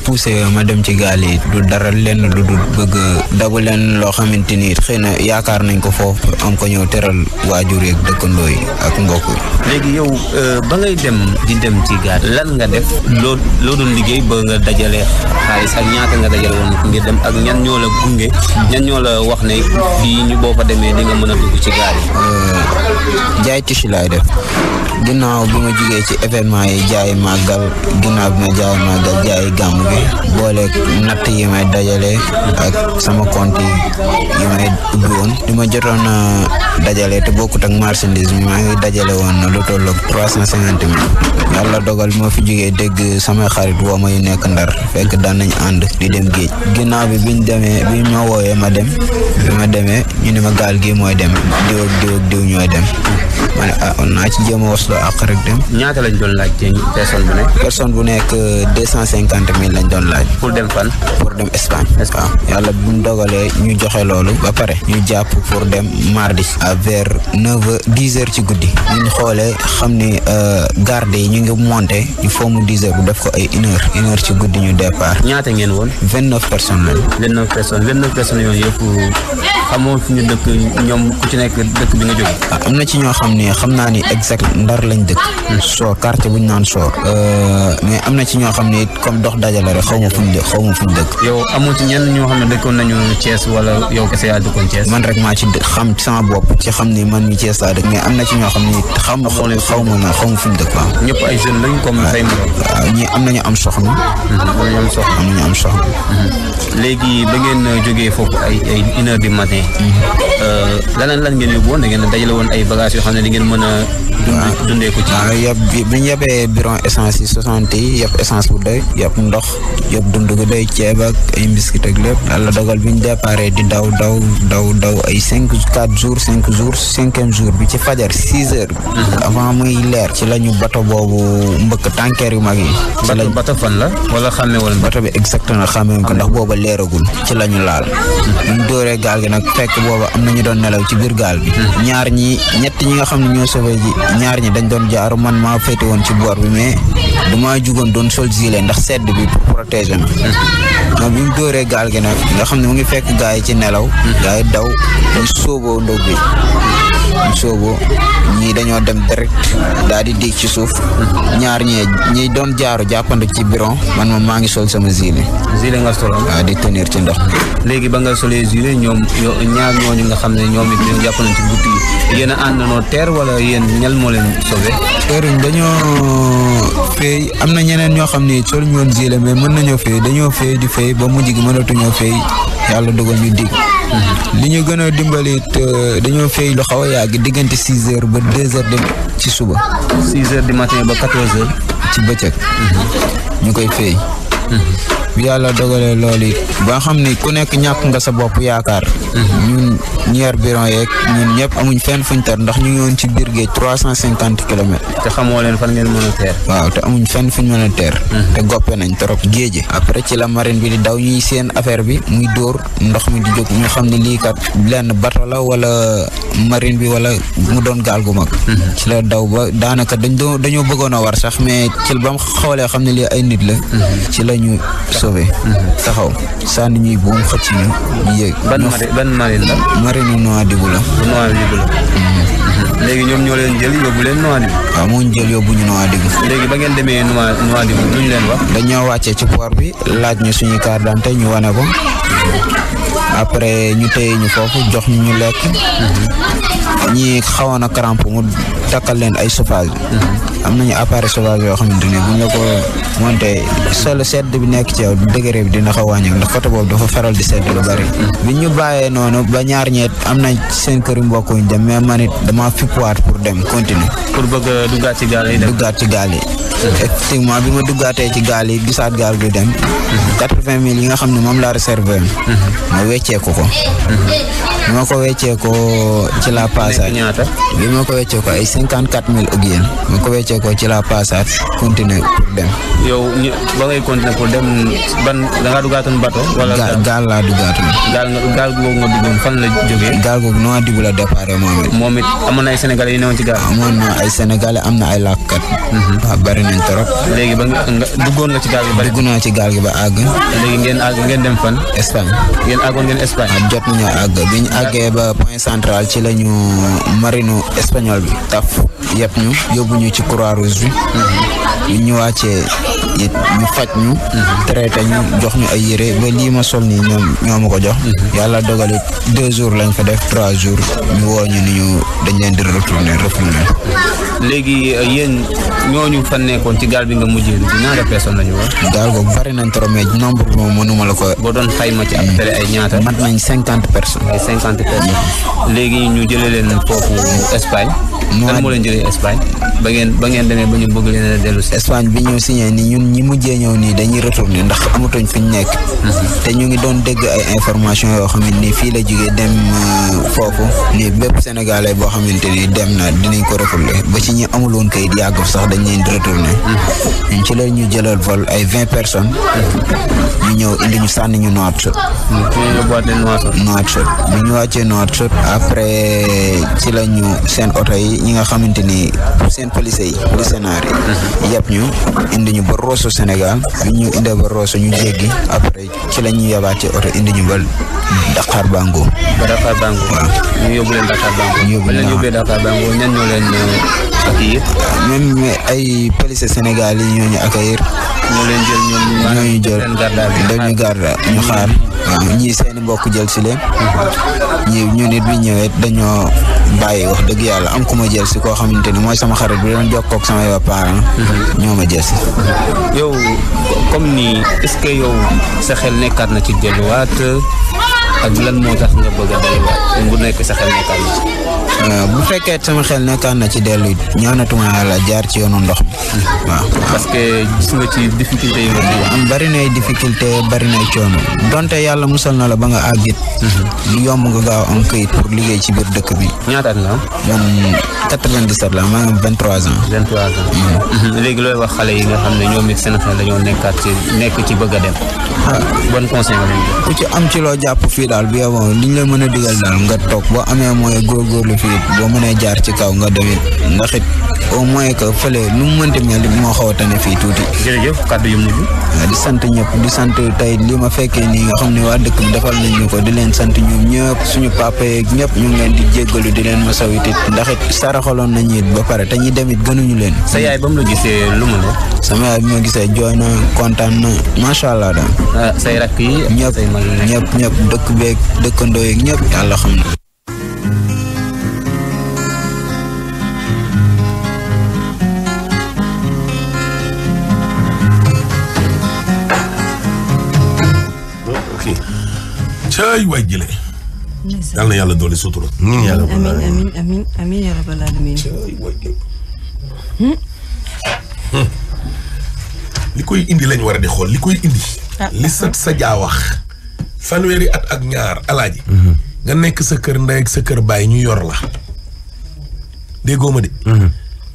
ma dem ci gaal du dara lenn lu dul bëgg dabu leen loo xamante ni xëy na yaakaar nañ ko foofu am ko ñëw teral waajur yeeg dëkkandoo ak mbokk léegi yow euh, ba ngay dem di dem ci gaal lan nga def loo loo liggéey ba nga dajale xaalis ak ñaata nga dajale woon dem ak ñan ñoo gunge ñan wax ne ñu boo fa demee di nga mën a dugg ci gaal yi. Euh, jaay tissu laay def ginnaaw bi ma jugee ci événement may jaay màggal ginnaaw bi may jaay màggal jaay gàmm gi boole natt yi may dajale ak sama compte yi may ubbi woon li ma jotoon dajale te bokkut ak marchandise mi maa ngi dajale woon lu toll ak trois cent cinquante mille yàlla dogal bi fi jógee dégg samay xarit woo may nekk ndar fekk daan nañ ànd di dem géej ginnaaw bi biñ demee bi ma wooyee ma dem ma demee ñu ne ma gaal gi mooy dem diw ak ñooy dem ma ne ah on naa ci jéem a wasloo rek dem. ñaata lañ doon laaj ci personne bu nekk. personne bu nekk euh, deux cent cinquante mille lañ doon laaj. pour dem fan. pour dem Espagne. waaw yàlla bu ñu dogalee ñu joxe loolu ba pare. ñu jàpp pour dem mardi. à vers neuf heures dix heures ci guddi. ñu xoolee xam ne euh, garde yi ñu ngi monté il faut mu dix heures def ko ay une heure guddi ñu départ. ñaata ngeen woon. vingt neuf personnes lañ. vingt neuf personnes vingt neuf personnes yooyu yëpp xamoo fi ñu dëkk ñoom ku ci nekk dëkk bi nga jógee. Ah, am na ci ñoo xam ne xam naa ni exact ndar lañ dëkk soor quartier bu ñu naan soor euh, mais am na ci ñoo xam ne ma fuñ dëkk xaw ma fuñ dëkk yow amoo ci ñenn ñoo xam ne dëkkoon nañu Thiès wala yow kese yaa dëkkoon Thiès man rek maa ci xam sama bopp ci xam ni man mi Thiès laa dëkk mais am na ci ñoo xam ma na xaw ma fuñ dëkk waaw ñëpp ay jeunes lañ comme say waaw ñi mhm, am nañu am soxna am nañu am soxna mhm. léegi ba ngeen jógee foofu ay ay une heure du matin mhm. euh, lan lan ngeen yóbbu woon da ngeen dajale woon ay bagages yoo xam ne ngeen mën a. dundee ko ci. waaw yab bi ñu yabee biron essence yi soixante yi yab essence bu doy yab ndox yab dund gu doy ceeb ak ay mbiskit ak lépp yàlla bi ñu déparé di daw daw daw daw ay cinq quatre jours cinq jours cinquième jour bi ci fajar six heures. Mhm. avant muy leer ci la ñu bato boobu mbëkk tanker yu mag yi. ci la bato fan la wala ne woon bato bi exactement xàmme ko ndax booba leeragul ci la ñu laal. ñu mhm. dóoree gaal gi nag fekk booba am na ñu doon nelaw ci biir gaal bi. Mhm. ñaar ñi ñett ñi nga xam ne ñoo sauvé ji ñaar ñi dañ doon jaaru man maa féete woon ci boor bi mais damaa jugoon doon sol gilet ndax sedd bi pour protéger ma mais bi mu gaal gi nag nga xam ne mu ngi fekk gars yi ci nelaw hmm. gaay daw dañ sóoboo ndog bi soobu mii dañoo dem direct daal di dig ci suuf ñaar ñee ñi doon jaaru jàppandu ci biron man moom maa ngi sol sama gilet gilet nga sol ah. waaw di tenir ci ndox léegi ba nga solee gilet ñoom ñaar ñooñu nga xam ne ñoom it ñoo jàppandu ci gutt yi yéen a ànd na teer wala yéen ñal moo leen sauvé dañoo feey am na ñeneen ñoo xam ne sol ñoon gilet mais mën nañoo feey dañoo feey di feey ba mujj gi mënatuñoo feey yàlla dogal ñu dig li ñu gën a dimbali euh, dañoo fay lu xaw a yàgg diggante six heures ba deux heures de ci suba. six heures du matin ba quatorze heures. ci bëccëg. Mhm. ñu koy fay. Mhm. bi yàlla dogalee loolu it ba xam ne ku nekk ñàkk nga sa bopp yaakaar. ñu ñeer biron yeeg ñun ñëpp amuñ fenn fuñ tar ndax ñu ngi woon ci biir géej trois cent cinquante kilomètres. te xamoo leen fan ngeen mën a waaw te amuñ fenn fuñ mën hmm. te goppe nañ trop géej après ci la marine bi di daw ñuy seen affaire bi muy dóor ndox mi di jóg ñu xam ne lii kat lenn bato la wala marine bi wala mu doon gaal gu mag. Hmm. ci la daw ba daanaka dañ dañoo bëggoon a war sax mais ci ba mu xoolee xam ne lii ay nit la. Hmm. la ñu. sauvé. taxaw sànni ñuy buum xëcc ñu ñu yéeg. ban mari ban marine la. marine Nouadhibou la. Nouadhibou la. Mhm. léegi ñoom ñoo leen jël yóbbu leen Nouadhibou. waaw moo ñu jël yóbbu ñu Nouadhibou. léegi ba ngeen demee Nouadhibou lu ñu leen wax. dañoo wàccee ci port bi laaj ñu suñu carte te ñu wane ko après ñu téye ñu foofu jox ñu ñu lekk. Mhm. ñi xawoon a crampe mu. takkal leen ay chauffage am nañu appareil chauffage yoo xamante ne buñ la ko monté solo sedd bi nekk ci yow degré bi dina xaw wàññeeku ndax côté boobu dafa faral di sedd lu bari bi ñu bàyyee noonu ba ñaar ñeet am nañ seen kër mbokk ñu dem mais man it dama fippuwaat pour dem continuer pour bëgg duggaat ci gaal yi bi ma duggaatee ci gaal yi gisaat gaal bi dem quatre-vingt yi nga xam ne moom laa réservé ma wecceeku ko mhm. bi ma ko wecceekoo ci la passage bi ma ko wecceekoo ay cinquante-quatre mille a yéen ma ko weccee ko ci la passaat continuer pour dem. yow ba ngay continuer pour dem ban da ngaa duggaatoon bato. wala gaal laa duggaatoon. a nga a googu nga la jógee. gaal googu noo dibu la départ moom it. moom it amoon na ay sénégalais yu newoon ci gaal. amoon na ay sénégalais am na ay mhm. léegi ba nga ci gaal gi ba àgg. léegi ngeen àgg ngeen dem fan. Espagne ngeen àggoon ngeen Espagne. jot nañu àgg bi ñu àggee ba point central ci lañu marino espagnol taf yëpp ñu yóbbu ñu ci croix rouge bi ñu wàccee wàccee ñu faj ñu traité ñu jox ñu ay yére ba lii ma sol nii ñoom ñoo ma ko jox yàlla dogalit deux jours lañ ko def trois jours ñu woo ñu ni ñu dañ leen di retourner retourner léegi euh, yéen ñooñu fan nekkoon ci gaal bi nga mujjee dugg ñaata personne lañu woon gaal ko bari nañ trop mais nombre moom mënuma la ko boo doon xayma ci mm. après ay ñaata mat nañ cinquante personnes ay cinquante mm. léegi ñu jëlee leen foofu Espagne lan moo leen jëlee Espagne ba ngeen ba ngeen demee ba ñu bëgg dellu si Espagne bi ñu signé ni ñun ñi mujjee ñëw nii dañuy retourné ndax amatuñ fi ñu nekk mhm. te ñu ngi doon dégg ay information yoo xamante ni fii la jógee dem euh, foofu ni bépp sénégalais boo xamante ni dem na dinañ ko retourné ba ci ñi amul woon kayit yàggu sax dañ leen retourné mhm. ñun ci la ñu jëlal vol ay vingt personnes mhm. ñu ñëw indi ñu sànni ñu Nouakchott Nouakchott bu ñu wàccee Nouakchott après ci la ñu seen oto ñi nga xamante ni seen police yi police naar yi ñu indi ñu ba Rosso Sénégal ñu indee ba Rosso ñu jéggi après ci la ñu yabaat ci oto indi ñu ba Dakar Bango. Bango. waaw ñu yóbbu leen Dakar Bango. ñu yóbbu leen yóbbee Dakar euh, ay police Sénégal yi ñoo ñu accueillir. ñoo leen jël ñoom ñoo ñu jël dañu garda seen mbokk jël si leen. Mhm. ñii ñu nit bi ñëwee dañoo bàyyi wax dëgg yàlla am ku ma jël si koo xamante ni mooy sama xarit bi doon jokkoo ak samay parents. Mhm. ñoo ma jël si. yow comme ni est yow sa xel nekkaat na ci delluwaat. ak lan moo tax nga bëgg a bu nekk sa xel nekkaan na. Euh, bu fekkee sama xel nekkaan na ci dellu it ñaanatuma yàlla jaar ci yoonu ndox mi. Hmm. waaw parce que gis nga ci difficulté yi am bari nay bari nay coono donte yàlla musal na la ba nga àggit du hmm. yomb nga gaaw am këyit pour liggéey ci biir dëkk bi. ñaata at nga am. man 97 la maa ngi am 23 ans. 23 ans. Hmm. looy wax xale yi nga xam ne ñoom seen dañoo nekkaat ci nekk ci bëgg a dem. Ah. am ci loo jàpp fii daal bi avant liñ a digal daal nga toog boo amee mooy góorgóorlu fii boo mënee jaar ci kaw nga demit ndax it au moins que fële nu mu mënti mel moo xaw a tane fii tuuti. jërëjëf kàddu yu mujj. di sant ñëpp di sant tey li ma fekkee nii nga xam ne waa dëkk bi defal nañ ñu ko di leen sant ñoom ñëpp suñu papa yeeg ñëpp ñu ngi leen di jéggalu di leen masawit it ndax it saraxaloon nañu ba pare te ñi demit gënuñu leen. sa yaay ba mu la lu mu la. sama yaay bi gisee jooy na kontaan na macha ah, ñëpp ñëpp dëkk bi beeg dëkkandoo ji ñëpp yàlla xam na. cay waay jële yal yàlla doole sutura amiin amiin amiin amiin yaa li koy indi lañ war a di xool li koy indi ah. li sa sa wax fanweeri at ak ñaar alaaji mhm. nga nekk sa kër ndey ak sa kër baay ñu yor la déggoo ma de mhm.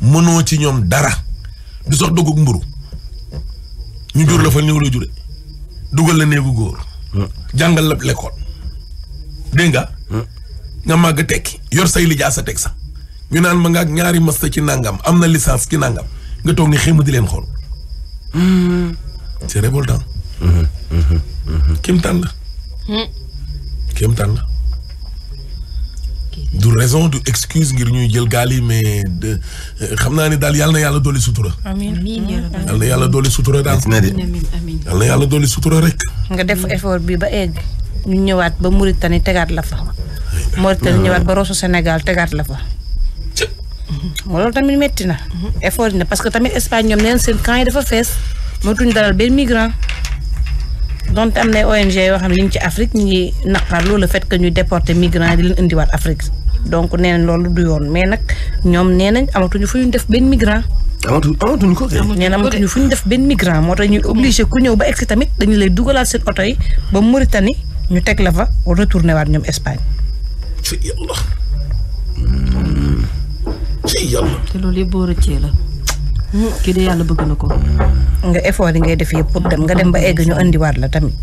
mënoo ci ñoom dara du sox dogg ak mburu ñu jur la fa néew dugal la néegu góor mhm. jàngal la lekkool dégg nga nga màgg tekki yor say lijaa sa teg sa ñu naan ma ak ñaari master ci nàngam am na licence ci nàngam nga toog ni di leen xool c'est révoltant kim tànn kéemtaan la. du raison du excuse ngir ñuy jël gaal yi mais de xam naa ne daal yal na yàlla dolli sutura. yal na yàlla dolli sutura daal. yal na yàlla dolli sutura rek. nga def effort bi ba egg ñu ñëwaat ba Mauritanie tegaat la fa. Mauritanie ñëwaat ba Rosso Sénégal tegaat la fa. moo loolu tamit métti na. effort na parce que tamit Espagne ñoom neen seen camp yi dafa fees mënatuñu dalal benn migrant. donte am na ONG yoo xam ne ñu ci Afrique ñu ngi naqar loolu le fait que ñuy déporter migrants di leen indiwaat Afrique donc neen nañ loolu du yoon mais nag ñoom nee nañ amatuñu fu ñu def benn migrant. amatuñu ko de. na amatuñu fu ñu def benn migrant moo tax ñuy obligé ku ñëw ba egsi tamit dañu lay dugalaat seen oto yi ba Mauritanie ñu teg la fa retourné waat ñoom Espagne. ci yàlla. Hmm. loolu boo rëccee la. kii de yàlla bëgg na ko. nga effort yi ngay def yëpp pour dem nga dem ba egg ñu andiwaat la tamit.